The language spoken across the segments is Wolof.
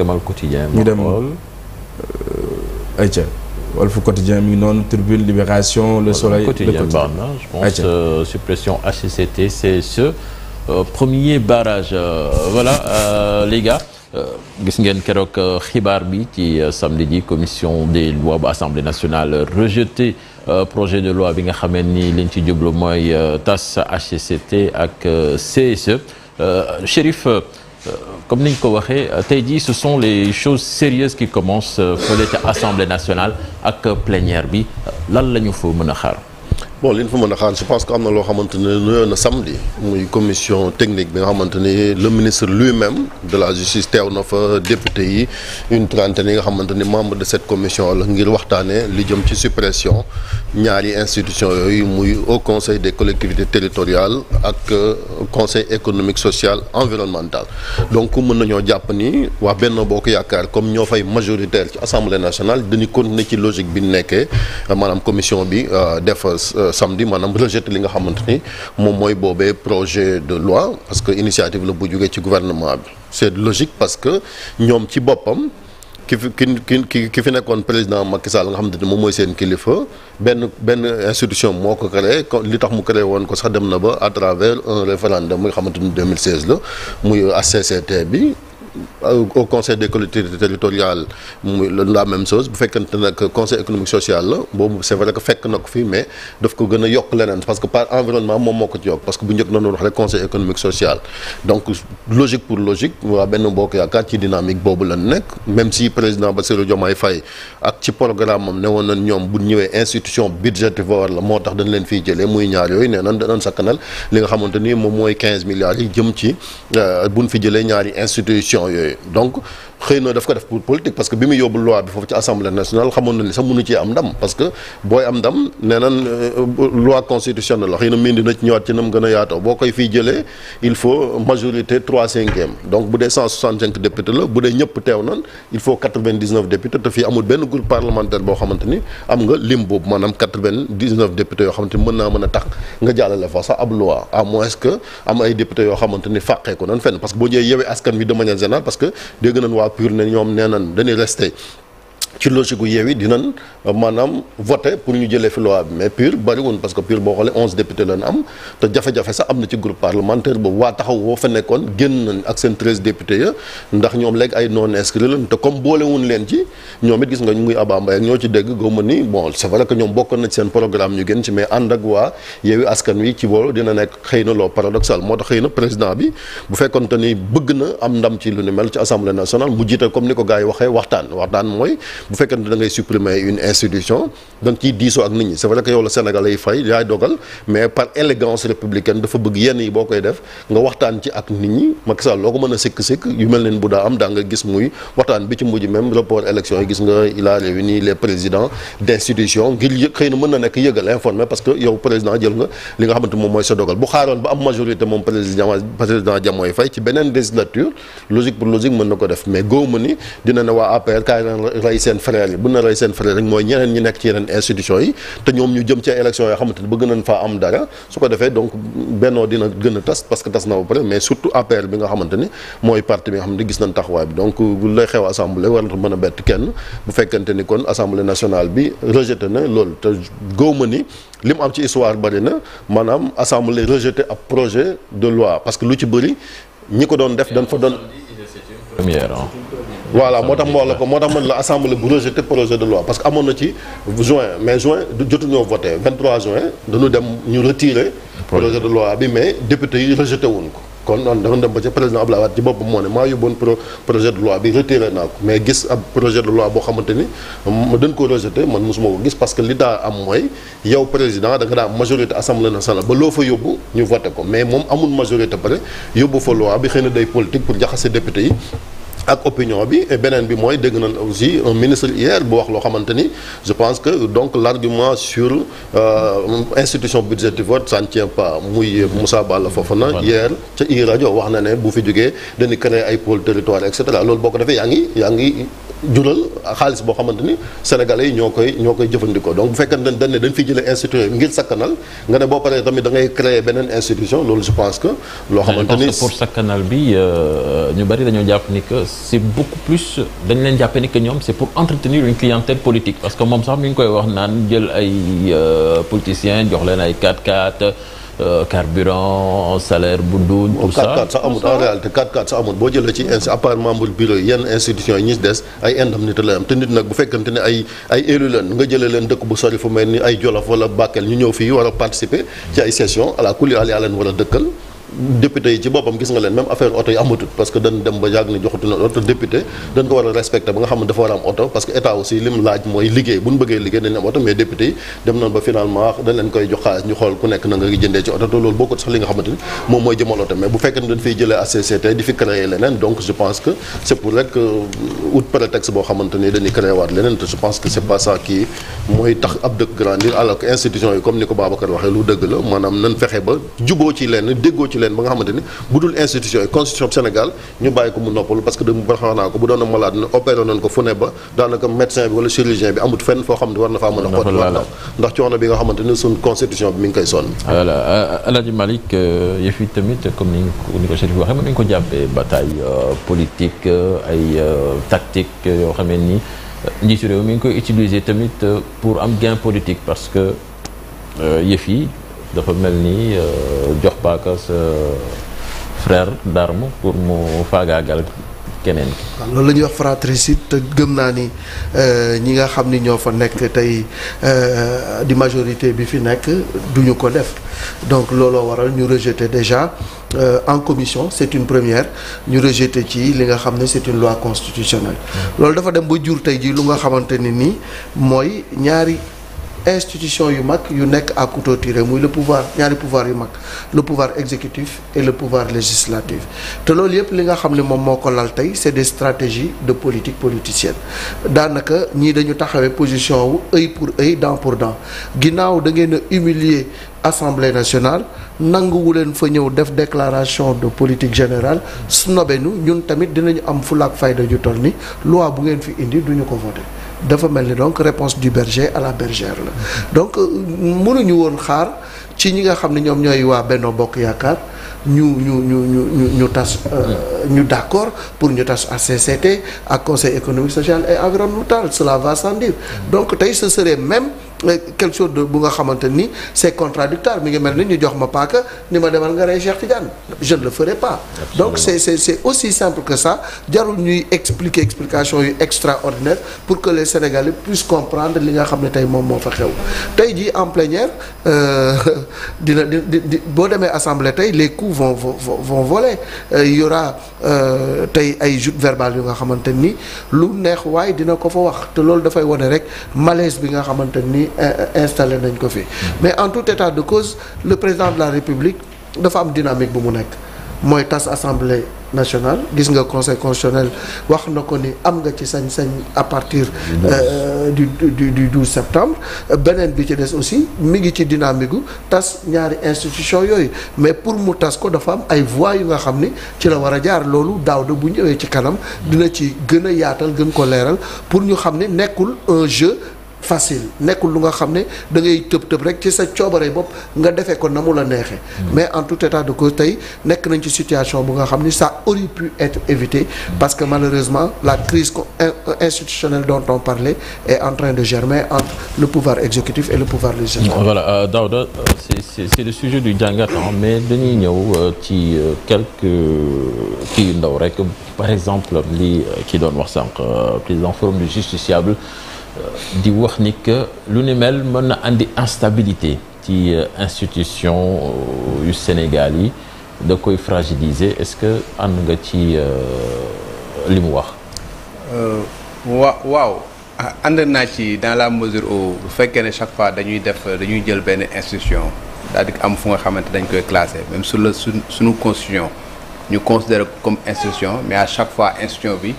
demal quotidien ñu dem euh, ayca Walf mi ngi noonu Tribune Libération Le Soleil le quotidien baax na je pense euh, suppression HCCT CSE euh, premier barrage euh, voilà euh, les gars gis ngeen keroog xibaar bi ci samedi ji commission des lois bu assemblée nationale rejeté projet de loi bi nga xamee ni liñ ci jublu tas HCCT ak CSE Chérif Euh, comme ni ñu ko waxee euh, tey jii ce sont les choses sérieuses qui commencent euh, fële ca assemblée nationale ak plénière bi lan la ñu fa mën a xaar. bon li ñu fa mën a xaar je pense que am na loo xamante ne nuyoo na samedi muy commission technique bi nga xamante le ministre lui-même de la justice teew na fa député yi une trentaine yi nga xamante ni membre de cette commission la ngir waxtaanee li jëm ci suppression ñaari institution yooyu muy au conseil des collectivités territoriales ak euh, conseil économique social environnemental donc mën nañoo jàpp ni waa benn Bokk Yaakaar comme ñoo fay majoritaire ci assemblée nationale dañu continuer ci logique bi nekkee maanaam commission bi euh, def. Euh, samedi maanaam rejeté li nga xamante ni moom mooy boobee projet de loi parce que initiative la bu jógee ci gouvernement bi c'est logique parce que ñoom ci boppam ki fi ki ki ki fi nekkoon président Macky Sall nga xamante ni moom mooy seen kilifa benn benn institution moo ko créé li tax mu créé woon ko sax dem na ba à travers un référendum nga xamante ni 2016 la muy HCCT bi. au conseil des collectivités territoriales muy la même chose bu fekkente nag conseil économique social la boobu c'est vrai que fekk na ko fii mais daf ko gën a yokk leneen parce que par environnement moom moo ko ci yokk parce que bu njëkk noonu wax rek conseil économique social donc logique boobu la nekk même si président Bassirou Diomaye Faye ak ci programme am ne woon nañ ñoom bu ñëwee institution budgétivore moo tax dañ leen fiy jëlee muy ñaar yooyu nee nañ danañ sakkanal li nga xamante ni moom mooy 15 milliards yi jëm ci euh, buñ fi jëlee ñaari institution yooyu donc xëy na daf ko def pour politique parce que bi muy yóbbu loi bi foofu ci assemblée nationale xamoon na ni sax mënu ci am ndam parce que booy am ndam nee nan euh, loi constitutionnelle la xëy na mindi na ci ñëwaat ci nam gën a yaatoo boo koy fii jëlee il faut majorité trois cinquième donc bu dee cent soixante cinq député la bu dee ñëpp teew nan il faut quatre vingt dix neuf député te fii amul benn groupe parlementaire boo xamante am nga lim boobu maanaam quatre waa PUR ne ñoom nee nañ dañuy resté ci logique gu Yewwi dinañ euh, maanaam voté pour ñu jëlee fi loi bi mais PUR bariwul parce que PUR boo xoolee onze député lañ am te jafe-jafe sax am na ci groupe parlementaire boobu waa taxaw woo fa nekkoon génn nañ ak seen treize députés ya ndax ñoom léegi ay non inscrits lañ te comme boolewuñ leen ci ñoom it gis nga ñu muy Abba Mbaye ak ñoo ci dégg gëmma ni bon c'est vrai que ñoom bokk nañ seen programme ñu génn ci mais ànd ak waa Yewwi Askan Wi ci boolu dina nekk xëy na loo paradoxal moo tax xëy na président bi bu fekkonte ni bëgg na am ndam ci lu ni mel ci assemblée nationale mu comme ni ko gars yi waxee waxtaan waxtaan mooy bu fekkente da ngay supprimer une institution da nga diisoo ak nit ñi c'est vrai que yow la Sénégal ay fay yaay dogal mais par élégance républicaine dafa bëgg yenn yi boo koy def nga waxtaan ci ak nit ñi Macky Sall loo ko mën a sikk-sikk yu mel neen bu daa am daa nga gis muy waxtaan bi ci mujj même rapport élection yi gis nga il a réuni les présidents d'institution ngir yë xëy na mën na nekk yëgal informé parce que yow président jël nga li nga xamante moom mooy seen frère yi bu na rey seen frère rek mooy ñeneen ñi nekk ci yeneen institution yi te ñoom ñu jëm ci élection yoo xamante ni bëgg nañ faa am dara su ko defee donc bennoo dina gën a tas parce que tas na ba pare mais surtout APR bi nga xamante mooy parti bi nga xam ne gis nañ taxawaay bi donc lay xew assemblée war na mën a bett kenn bu fekkente ni kon assemblée nationale bi rejeté na loolu te góob ma ni li mu am ci histoire bari na maanaam assemblée rejeté ab projet de loi parce que lu ci bëri ñi ko doon def dañ fa doon. première voilà moo tax moo la ko moo tax man la assemblée bu rejeté projet de loi parce que amoon na ci juin mais juin jotuñoo voté 23 juin dañu dem ñu retiré projet de loi bi mais député yi rejeté woon ko kon noonu dafa dem ba ca président Abdoulaye Wade ci boppam moo ne maa yóbboon pro projet de loi bi retiré naa ko mais gis ab projet de loi boo xamante ni dañ ko rejeté man mosuma ko gis parce que li daa am mooy yow président da nga daa am majorité assemblée ba loo fa yóbbu ko mais moom amul majorité pare yóbbu fa loi bi xëy na day politique pour jaxase député yi ak opinion bi et beneen bi mooy dégg nañ aussi un ministre hier bu wax loo xamante ni je pense que donc l' argument sur euh, institution budgétivore ça ne tient pas muy Moussa Balla Fofana hier ca i rajo wax na ne bu fi jógee dañu créer ay pôle territoire et cetera loolu boo ko defee yaa ngi yaa ngi jural xaalis boo xamante ni sénégalais yi ñoo koy ñoo koy jëfandikoo donc bu fekkante ne dañ ne dañ fiy jëlee institut ngir sakkanal nga ne boo paree tamit da ngay créer beneen institution loolu je pense que loo xamante ni pour sakkanal bi euh, ñu bari dañoo jàpp ni que c'est beaucoup plus dañ leen jàppe ni que ñoom c'est pour entretenir une clientèle politique parce que moom sax mi koy wax naan jël ay euh, politiciens jox leen ay 4-4 Euh, carburant salaire bu duun. tout ça 4-4 sax amul en réalité 4-4 sax amul boo jëlee ci inci à part membre bureau yenn institutions yi ñu des ay indemnité la am te nit nag bu fekkante ne ay ay leen nga jëlee leen dëkk bu sori fu mel ni ay Jolof wala Bakel ñu ñëw fii war a participer ci ay session à la couleur yàlla leen war a dëkkal. député yi ci boppam gis nga leen même affaire oto yi amatul parce que dañ dem ba yàgg ni joxatuñu oto député dañ ko war a respecté ba nga xam dafa war a am oto parce que état aussi lim laaj mooy liggéey bu ñu bëggee liggéey dañ am oto mais député yi dem nañ ba finalement dañ leen koy jox xaalis ñu xool ku nekk na nga jëndee ci oto te loolu bokkut sax li nga xamante ni moom mooy jëmal oto mais bu fekkee ne dañ fi créer leneen ci leen ba nga xamante bu dul institution yi constitution Sénégal ñu bàyyi ko mu noppalu parce que de ba xam ko bu doon a malade ne opéré nañ ko fu ne daanaka médecin bi wala chirurgien bi amut fenn foo xam ne war na faa mën a xotti wala ndax coono bi nga xamante ni suñ constitution bi mi ngi koy sonn voilà euh, Alaaji Malick euh, yëf yi tamit comme ni ni ko Chérif waxee mën nañu ko jàppee bataille euh, politique ay tactique yoo xam ne ni njiitu réew mi ngi koy utiliser tamit pour am gain politique parce que yëf yi dafa mel ni euh, jox paaka sa frère d'arme pour mu faagaagal keneen ki. waaw loolu la ñuy wax fratricide te gëm naa ni euh, ñi nga xam ni ñoo fa nekk tey euh, di majorité bi fi nekk duñu ko def donc looloo waral ñu rejeté déjà en commission c'est une première ñu rejeté ci li nga xam ne c'est une loi constitutionnelle. Mm. loolu dafa dem ba jur tey jii lu nga xamante ni nii mooy ñaari. institution yu mag yu nekk à couteau tiré muy le pouvoir ñaari pouvoir yu mag le pouvoir exécutif et le pouvoir législatif te loolu yëpp li nga xam ne moom moo ko lal tey c'est des stratégies de politique politicienne daanaka ñii dañu taxawee position wu œil pour œil dans pour dans ginnaaw da ngeen a humilier Assemblée nationale nanguwu leen fa ñëw def déclaration de politique générale snobé nu ñun tamit dinañu am fulaak fayda ju toll ni loi bu ngeen fi indi duñu ko voter dafa mel ni donc réponse du berger à la bergère la donc euh, mënuñu woon xaar ci ñi nga xam ne ñoom ñooy waa Benno Bokk Yaakaar ñu ñu ñu ñu ñu tas euh, mm. ñu d'accord pour ñu tas ACCT ak conseil économique social et environnemental cela la sans dire mm. donc tey ce serait même Euh, quelque chose de bu nga xamante ni c'est contradictoire mi ngi mel ni ñu jox ma paaka ni ma demal nga rey Cheikh Tidiane je ne le ferai pas donc c'est c'est aussi simple que ça jarul ñuy expliquer explication yu extraordinaire pour que les Sénégalais puissent comprendre li nga xam ne tey moom moo fa xew tey jii en plénière euh, dina di boo demee assemblée tey les coups vont vont vont voler il euh, y tey ay joutes verbales yu nga xamante nii lu neex waaye dina ko fa wax te loolu dafay wane rek malaise bi nga xamante ni ni installé nañ ko fi mais en tout état de cause le président de la république dafa am dynamique bu mu nekk mooy tas assemblée nationale gis nga conseil constitutionnel wax na ko ni am nga ci sañ-sañ à partir euh, du du du septembre beneen bi ci des aussi mi ngi ci dynamique gu tas ñaari institution yooyu mais pour mu tas ko dafa am ay voies yu nga xam ni ci la war a jaar loolu daaw da bu ñëwee ci kanam dina ci gën a yaatal gën ko leeral pour ñu xam ne nekkul un facile nekkul lu nga xam ne da ngay tëb tëb rek ci sa coobare bopp nga defee ko na mu la neexee. Hmm. mais en tout état de cause tey nekk nañ ci situation bu nga xam ni ça aurait pu être évité. Hmm. parce que malheureusement la crise euh, institutionnelle dont on parlait est en train de germer entre le pouvoir exécutif et le pouvoir législatif. voilà euh, Daouda euh, c'est c'est le sujet du jàngat mais dañuy ñëw ci quelques kii yu ndaw rek par exemple li ki doon wax sànq président forum du justiciable. di wax ni que lu ni mel mën na indi instabilité ci euh, institution euh, yu Sénégal yi da koy fragiliser est-ce que ànd nga ci euh, li mu wax. wa waaw ah, ànd naa ci dans la mesure où bu fekkee ne chaque fois dañuy def dañuy jël benn institution daal di am fu nga xamante dañ koy classé même sur su suñu constitution ñu consider comme institution mais chaque fois institution bi.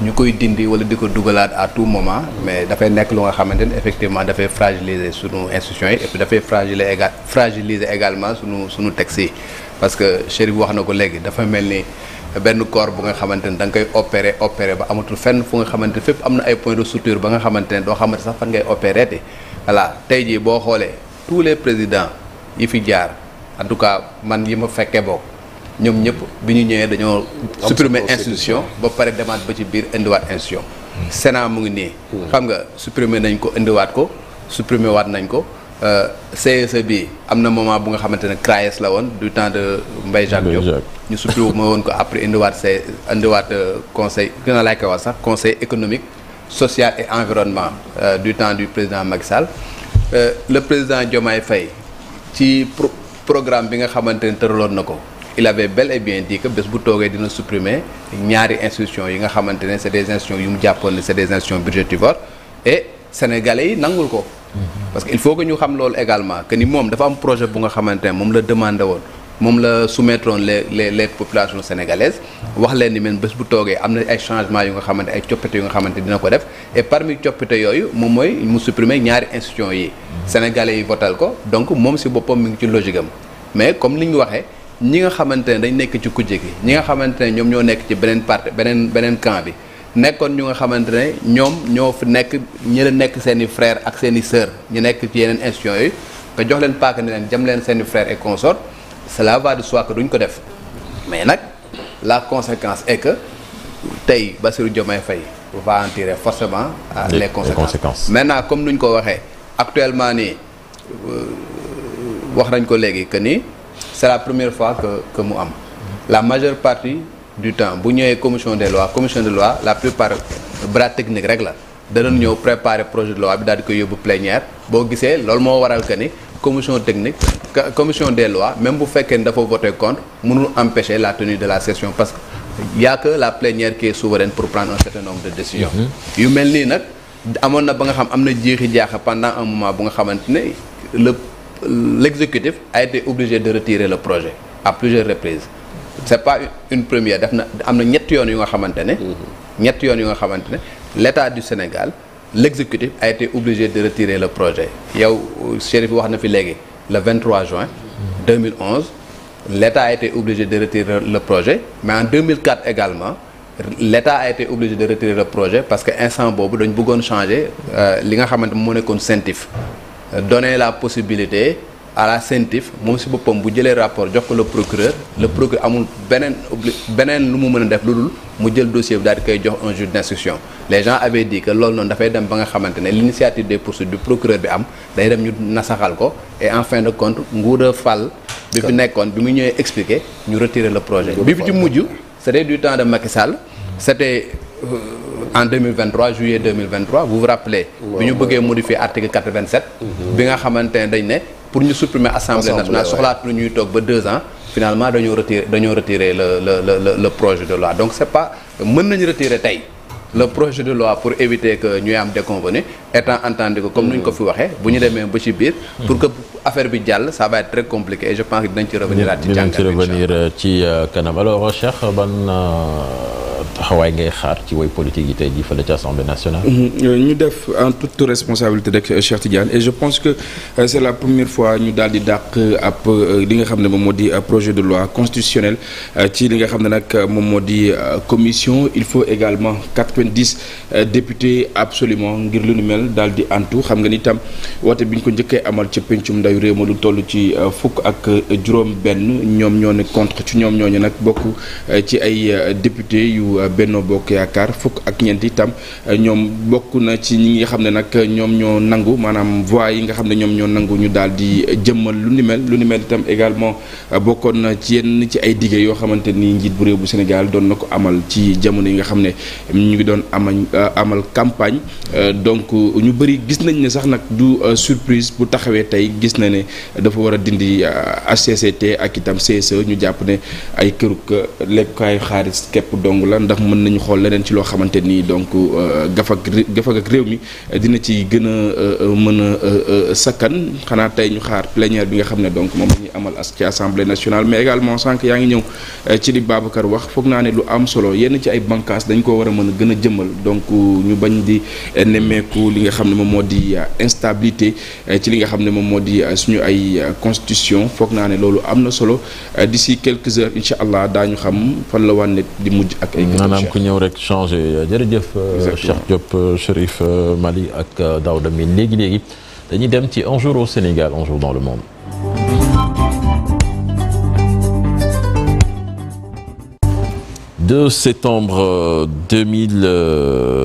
ñu koy dindi wala di ko dugalaat à tout moment mais dafay nekk lu nga xamante ne effectivement dafay fragiliser sunu institutions yi et puis dafay fragiliser également sunu sunu texte yi parce que Chérif wax na ko léegi dafa mel ni benn corps bu nga xamante ne da koy opérer opérer ba amatul fenn fu nga xamante ne fépp am na ay points de suture ba nga xamante ne doo xamante sax fan ngay opérer te voilà tey jii boo xoolee tous les présidents yi fi jaar en tout cas man yi ma fekkee bokk ñoom ñëpp bi ñu ñëwee dañoo supprimer institution ba pare demaat ba ci biir indiwaat institution Sénat mu ngi nii hmm. xam nga supprimer nañ ko indiwaat ko supprimer waat nañ ko euh, CSE bi am na moment bu nga xamante ne CRAES la woon du temps de Mbaye Jacques Diop ñu supprimer woon ko après indiwaat c indiwaat euh, conseil gën a laay koy wax sax conseil économique social et environnement euh, du temps du président Macky Sall euh, le président Diomaye fay ci programme bi nga xamante ne tëraloon na ko il avait bel et bien dit que bés bu toogee dina supprimer ñaari institutions yi nga xamante ne c'est des institutions yu mu jàppoon ne c'est des institutions budgétivores et sénégalais yi nangul ko. parce que il faut que ñu xam loolu également que ni moom dafa am projet bu nga xamante ne moom la demande woon moom la soumettre woon les les les populations sénégalaises. wax leen ni man bés bu toogee am na ay changements yu nga xamante ay coppite yu nga xamante dina ko def et parmi coppite yooyu moom mooy mu supprimer ñaari institutions yi. sénégalais yi votal ko donc moom si boppam mi ngi ci logique am mais comme ni ñu waxee. ñi nga xamante ne dañ nekk ci kujje gi ñi nga xamante ne ñoom ñoo nekk ci beneen parti beneen beneen camp bi nekkoon ñu nga xamante ne ñoom ñoo fi nekk ñi la nekk seen i frère ak seeni i ñu nekk ci yeneen institutions yi nga joxleen leen paak ne leen jam leen seeni i frère et consort cela va de soi que duñ ko def mais nag la conséquence est que tey Bassirou Diomaye Faye va en tirer forcément les conséquences maintenant comme nuñ ko waxee actuellement nii euh, wax nañ ko léegi que ni c'est la première fois que que mu am la majeure partie du temps bu ñëwee commission des lois commission des lois la plupart bras technique rek la danañ ñëw préparer projet de loi bi daal di koy yóbbu plénière boo gisee loolu moo waral que ni commission technique commission des lois même bu fekkee ni dafa voté contre mënul empêcher la tenue de la session parce que y a que la plénière qui souveraine pour prendre un certain nombre de décisions. Mm-hmm. yu mel nii nag ba nga xam am na jeexi jaaxa pendant un moment bu nga xamante ne le l'exécutif a été obligé de retirer le projet à plusieurs reprises c'est pas une première def na am na ñetti yoon yu nga xamante ne ñetti yoon yu nga xamante ne letat du Sénégal l'exécutif a été obligé de retirer le projet yow Chérif wax na fi léegi le 23 juin 2011 l'état a été obligé de retirer le projet mais en 2004 également l'état a été obligé de retirer le projet parce que instant boobu dañ bëggoon changer euh, li nga xamante moo nekkoon sentif donner la possibilité à la CENTIF moom si boppam bu jëlee rapport jox ko le procureur le procureur amul beneen beneen lu mu mën a def lu dul mu jël dossier bi daal di koy jox en juge d'instruction les gens avaient dit loolu noonu dafay dem ba nga xamante ne l'initiative des poursuites du procureur bi am day dem ñu nasaxal ko et en fin de compte Ngouda fal bi fi nekkoon bi mu ñëwee expliquer ñu retirer le projet bi fi ci mujj c'était du temps de Macky Sall c'était euh, en 2023 juillet 2023 vous vous rappelez. bi ñu bëggee modifier article 87. Mhm. bi nga xamante ne dañ ne pour ñu supprimer assemblée nationale soxlaatu ñuy toog ba ans. finalement dañoo retirer dañoo retirer le projet de loi donc c'est pas mën nañu retirer tey. le projet de loi pour éviter que ñuy am déconvenu étant entendu que comme ni ñu ko fi waxee bu ñu demee ba ci biir. pour que affaire bi jàll ça va très compliqué et je pense que dinañ ci revenir. ci euh, euh, kanam alors euh, taxawaay ngay xaar ci way politique yi tey jii fële ci assemblée nationale. Mhm. Euh, ñu def en toute responsabilité rek euh, Cheikh Tidiane et je pense que euh, c' la première fois ñu daal di dàq ab li nga xam ne moom moo di projet de loi constitutionnelle ci li nga xam ne nag moom moo di commission il faut également 90 députés absolument ngir lu nu mel daal di antu xam nga ni itam woote bi ñu ko njëkkee amal ci pencum ndayu réew ma lu toll ci fukk ak juróom-benn ñoom ñoo ne ci ñoom ñooñu nag bokk ci ay député bu euh, Benno Bokk Yaakaar fukk ak ñeent itam euh, ñoom bokk na ci ñi nga xam ne nag euh, ñoom ñoo nangu maanaam voix yi nga xam ne ñoom ñoo nangu ñu daal di jëmmal lu ni lu ni itam également bokkoon na ci yenn ci ay dige yoo xamante nii njiit bu réew bu Sénégal doon na ko amal ci jamono yi nga xam ne ñu ngi doon ama amal campagne donc ñu bëri gis nañ ne sax nag du surprise bu taxawee tey gis na ne dafa war a dindi acct ak itam CSE ñu jàpp ne ay këruk lekkaayu xaalis itam ndax mën nañu xool leneen ci loo xamante ni donc gafak euh, gafak ak réew mi dina ci gën a euh, euh, mën a sakkan xanaa tey ñu xaar plénière bi nga xam ne donc moom la ñuy amal as ci assemblée nationale mais également sànq yaa ngi ñëw ci li Babacar wax foog naa ne lu am solo yenn ci ay bankaas dañ ko war a mën a gën a jëmmal donc ñu bañ di nemmeeku li nga xam ne moom moo di instabilité ci li nga xam ne moom moo di suñu ay constitution foog naa ne loolu am na solo di mujj ak maanaam ku ñëw rek changé euh, jërëjëf euh, Cheikh Diop euh, Chérif Mali ak Daouda Mine léegi-léegi dañuy dem ci un jour au Sénégal un jour dans le monde deux septembre 2000